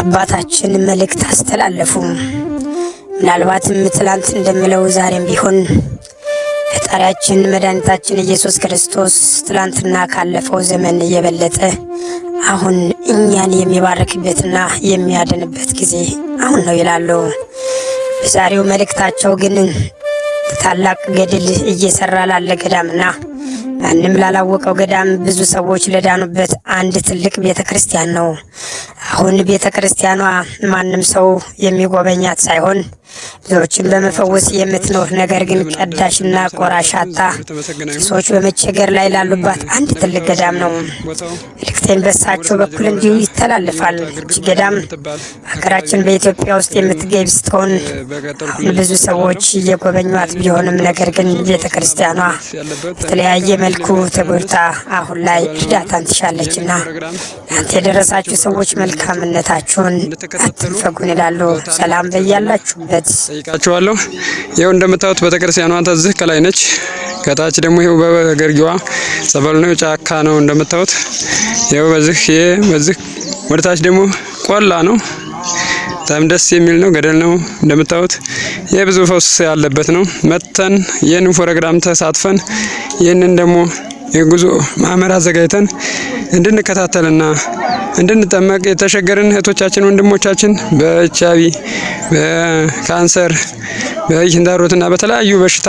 አባታችን መልእክት አስተላለፉ። ምናልባትም ትላንት እንደምለው ዛሬም ቢሆን ፈጣሪያችን መድኃኒታችን ኢየሱስ ክርስቶስ ትላንትና ካለፈው ዘመን እየበለጠ አሁን እኛን የሚባርክበትና የሚያድንበት ጊዜ አሁን ነው ይላሉ። በዛሬው መልእክታቸው ግን ታላቅ ገድል እየሰራ ላለ ገዳምና ማንም ላላወቀው ገዳም ብዙ ሰዎች ለዳኑበት አንድ ትልቅ ቤተ ክርስቲያን ነው። አሁን ቤተ ክርስቲያኗ ማንም ሰው የሚጎበኛት ሳይሆን ብዙዎችን በመፈወስ የምትኖር ነገር ግን ቀዳሽና ቆራሻታ ሰዎች በመቸገር ላይ ላሉባት አንድ ትልቅ ገዳም ነው። መልእክቴን በሳቸው በኩል እንዲሁ ይተላልፋል። እጅ ገዳም ሀገራችን በኢትዮጵያ ውስጥ የምትገኝ ስትሆን አሁን ብዙ ሰዎች እየጎበኟት ቢሆንም ነገር ግን ቤተ ክርስቲያኗ በተለያየ መልኩ ተጎድታ አሁን ላይ እርዳታን ትሻለች እና እናንተ የደረሳችሁ ሰዎች መልካምነታችሁን አትንፈጉን ይላሉ። ሰላም በያላችሁበት ጠይቃችኋለሁ። ይኸው እንደምታዩት ቤተ ክርስቲያኗ ተዝህ ከላይ ነች። ከታች ደግሞ ይኸው በገርጊዋ ጸበል ነው፣ ጫካ ነው እንደምታዩት ያው በዚህ በዚህ ወደ ደግሞ ቆላ ነው። በጣም ደስ የሚል ነው። ገደል ነው እንደምታዩት የብዙ ፈውስ ያለበት ነው። መተን ይህንን ፕሮግራም ተሳትፈን ይህንን ደግሞ የጉዞ ማህመር አዘጋጅተን እንድንከታተልና እንድንጠመቅ የተሸገርን እህቶቻችን ወንድሞቻችን በኤች አይ ቪ በካንሰር በኪንታሮትና በተለያዩ በሽታ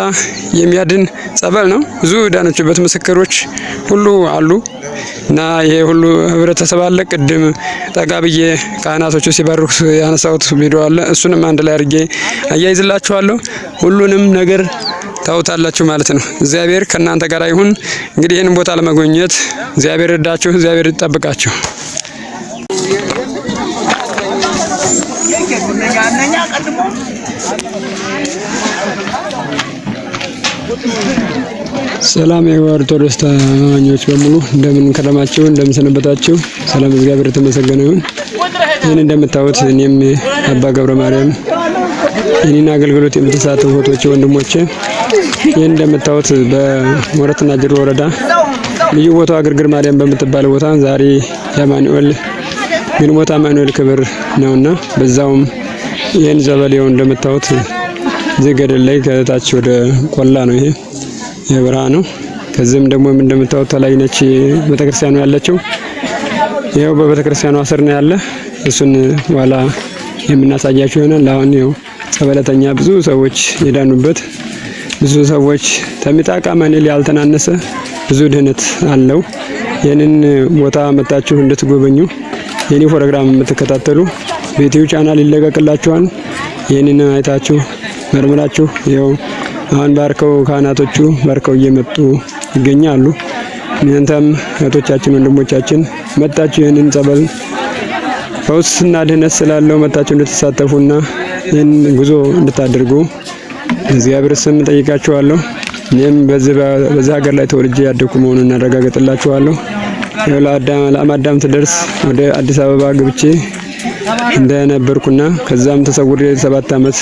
የሚያድን ጸበል ነው። ብዙ ዳነችበት ምስክሮች ሁሉ አሉ እና ይሄ ሁሉ ህብረተሰብ አለ። ቅድም ጠጋ ብዬ ካህናቶቹ ሲባርኩ ያነሳሁት ቪዲዮ አለ። እሱንም አንድ ላይ አድርጌ አያይዝላችኋለሁ። ሁሉንም ነገር ታውታላችሁ ማለት ነው። እግዚአብሔር ከእናንተ ጋር ይሁን። እንግዲህ ይህን ቦታ ለመጎኘት እግዚአብሔር እርዳችሁ፣ እግዚአብሔር ይጠብቃችሁ። ሰላም የኦርቶዶክስ ተማኞች በሙሉ እንደምን ከረማችሁ? እንደምን ሰነበታችሁ? ሰላም እግዚአብሔር የተመሰገነ ይሁን። ይህን እንደምታዩት እኔም አባ ገብረ ማርያም የኔን አገልግሎት የምትሳተፉ እህቶቼ፣ ወንድሞቼ ይህን እንደምታዩት በሞረትና ጅሩ ወረዳ ልዩ ቦታው አገርግር ማርያም በምትባል ቦታ ዛሬ የአማኑኤል ግንቦት አማኑኤል ክብር ነውና በዛውም ይህን ዘበሌው እንደምታዩት እዚህ ገደል ላይ ከታች ወደ ቆላ ነው ይሄ የብርሃን ነው። ከዚህም ደግሞ እንደምታዩት ተላይ ነች ቤተክርስቲያኑ ያለችው። ይኸው በቤተክርስቲያኑ አስር ነው ያለ። እሱን ኋላ የምናሳያችሁ ይሆናል። ለአሁን ይኸው ጸበለተኛ ብዙ ሰዎች የዳኑበት ብዙ ሰዎች ተሚጣቃ መኔል ያልተናነሰ ብዙ ድህነት አለው። ይህንን ቦታ መጣችሁ እንድትጎበኙ የኔ ፕሮግራም የምትከታተሉ በዩቲዩብ ቻናል ይለቀቅላችኋል። ይህንን አይታችሁ መርምራችሁ ይኸው አሁን ባርከው ካህናቶቹ ባርከው እየመጡ ይገኛሉ። እናንተም እህቶቻችን ወንድሞቻችን መጣችሁ ይህንን ጸበል ፈውስና ድህነት ስላለው መጣችሁ እንድትሳተፉና ይህን ጉዞ እንድታደርጉ እግዚአብሔር ስም ጠይቃችኋለሁ። እኔም በዚህ ሀገር ላይ ተወልጄ ያደኩ መሆኑን እናረጋገጥላችኋለሁ። ለአማዳም ትደርስ ወደ አዲስ አበባ ግብቼ እንደነበርኩና ከዛም ተሰውሬ ሰባት ዓመት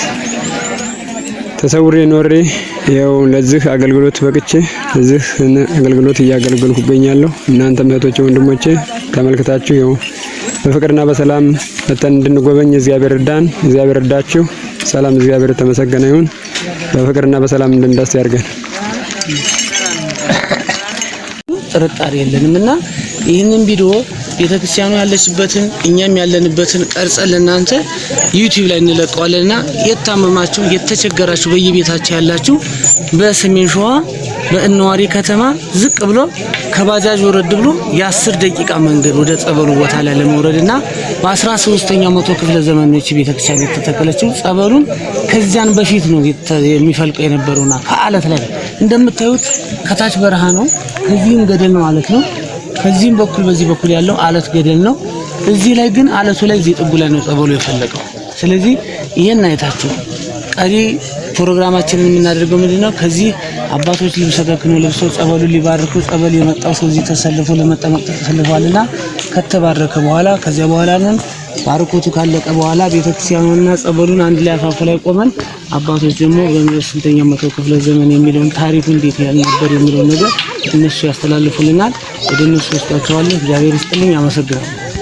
ተሰውሬ ኖሬ ያው ለዚህ አገልግሎት በቅቼ እዚህ አገልግሎት እያገለገልኩ እገኛለሁ። እናንተም እህቶቼ፣ ወንድሞቼ ተመልክታችሁ ያው በፍቅርና በሰላም መተን እንድንጎበኝ እግዚአብሔር እርዳን። እግዚአብሔር እርዳችሁ። ሰላም እግዚአብሔር ተመሰገነ ይሁን። በፍቅርና በሰላም እንድንደስ ያድርገን። ጥርጣሬ የለንም እና ይህንን ቪዲዮ ቤተ ክርስቲያኑ ያለችበትን እኛም ያለንበትን ቀርጸን ለእናንተ ዩቲዩብ ላይ እንለቀዋለንና የታመማችሁ የተቸገራችሁ በየቤታችሁ ያላችሁ በሰሜን ሸዋ በእነዋሪ ከተማ ዝቅ ብሎ ከባጃጅ ወረድ ብሎ የአስር ደቂቃ መንገድ ወደ ጸበሉ ቦታ ላይ ለመውረድና በአስራ ሶስተኛው መቶ ክፍለ ዘመኖች ቤተክርስቲያን የተተከለችው። ጸበሉን ከዚያን በፊት ነው የሚፈልቀው የነበረውና ከአለት ላይ እንደምታዩት ከታች በረሃ ነው፣ ከዚህም ገደል ነው ማለት ነው። ከዚህም በኩል በዚህ በኩል ያለው አለት ገደል ነው። እዚህ ላይ ግን አለቱ ላይ እዚህ ጥጉ ላይ ነው ጸበሉ የፈለቀው። ስለዚህ ይሄን አይታችሁ ቀሪ ፕሮግራማችንን የምናደርገው ምንድን ነው? ከዚህ አባቶች ልብሰ ተክህኖ ለብሰው ጸበሉ ሊባርኩ ጸበል የመጣው ሰው እዚህ ተሰልፎ ለመጠመቅ ተሰልፏልና ከተባረከ በኋላ ከዚያ በኋላ ነው ባርኮቱ ካለቀ በኋላ ቤተክርስቲያኑና ጸበሉን አንድ ላይ አፋፍ ላይ ቆመን አባቶች ደግሞ በስንተኛ መቶ ክፍለ ዘመን የሚለውን ታሪኩ እንዴት ያል ነበር የሚለውን ነገር እነሱ ያስተላልፉልናል። ወደ እነሱ ወስዳቸዋለሁ። እግዚአብሔር ይስጥልኝ። አመሰግናለሁ።